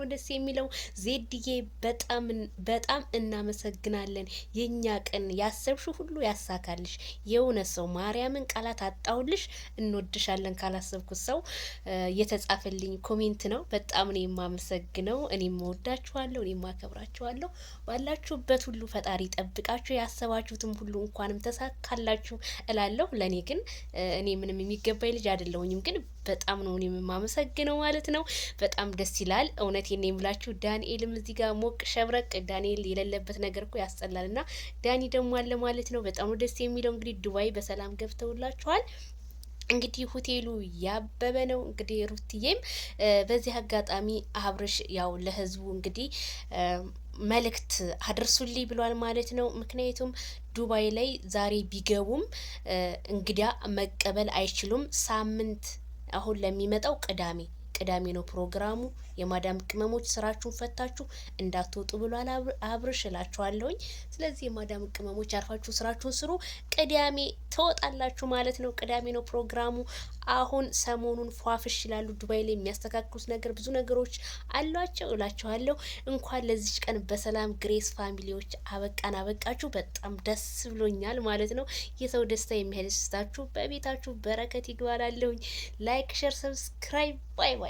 ነው ደስ የሚለው። ዜድዬ በጣም በጣም እናመሰግናለን። የኛ ቅን ያሰብሽ ሁሉ ያሳካልሽ። የእውነት ሰው ማርያምን ቃላት አጣውልሽ እንወድሻለን ካላሰብኩት ሰው የተጻፈልኝ ኮሜንት ነው። በጣም ነው የማመሰግነው። እኔም መወዳችኋለሁ፣ እኔም ማከብራችኋለሁ። ባላችሁበት ሁሉ ፈጣሪ ጠብቃችሁ፣ ያሰባችሁትም ሁሉ እንኳንም ተሳካላችሁ እላለሁ። ለእኔ ግን እኔ ምንም የሚገባኝ ልጅ አይደለሁኝም፣ ግን በጣም ነው እኔም የማመሰግነው ማለት ነው። በጣም ደስ ይላል እውነት እውነቴን ነው የምላችሁ። ዳንኤልም እዚህ ጋር ሞቅ ሸብረቅ ዳንኤል የሌለበት ነገር እኮ ያስጠላል። እና ዳኒ ደግሞ አለ ማለት ነው። በጣም ደስ የሚለው እንግዲህ ዱባይ በሰላም ገብተውላችኋል። እንግዲህ ሆቴሉ ያበበ ነው። እንግዲህ ሩትዬም በዚህ አጋጣሚ አብርሽ ያው ለህዝቡ እንግዲህ መልእክት አድርሱልኝ ብሏል ማለት ነው። ምክንያቱም ዱባይ ላይ ዛሬ ቢገቡም እንግዳ መቀበል አይችሉም። ሳምንት አሁን ለሚመጣው ቅዳሜ ቅዳሜ ነው ፕሮግራሙ። የማዳም ቅመሞች ስራችሁን ፈታችሁ እንዳትወጡ ብሏል አብርሽ እላችኋለሁኝ። ስለዚህ የማዳም ቅመሞች አርፋችሁ ስራችሁን ስሩ። ቅዳሜ ትወጣላችሁ ማለት ነው። ቅዳሜ ነው ፕሮግራሙ። አሁን ሰሞኑን ፏፍሽ ይላሉ። ዱባይ ላይ የሚያስተካክሉት ነገር ብዙ ነገሮች አሏቸው እላችኋለሁ። እንኳን ለዚች ቀን በሰላም ግሬስ ፋሚሊዎች አበቃን አበቃችሁ። በጣም ደስ ብሎኛል ማለት ነው። የሰው ደስታ የሚያደስታችሁ በቤታችሁ በረከት ይግባላለሁኝ። ላይክ፣ ሸር፣ ሰብስክራይብ። ባይ ባይ።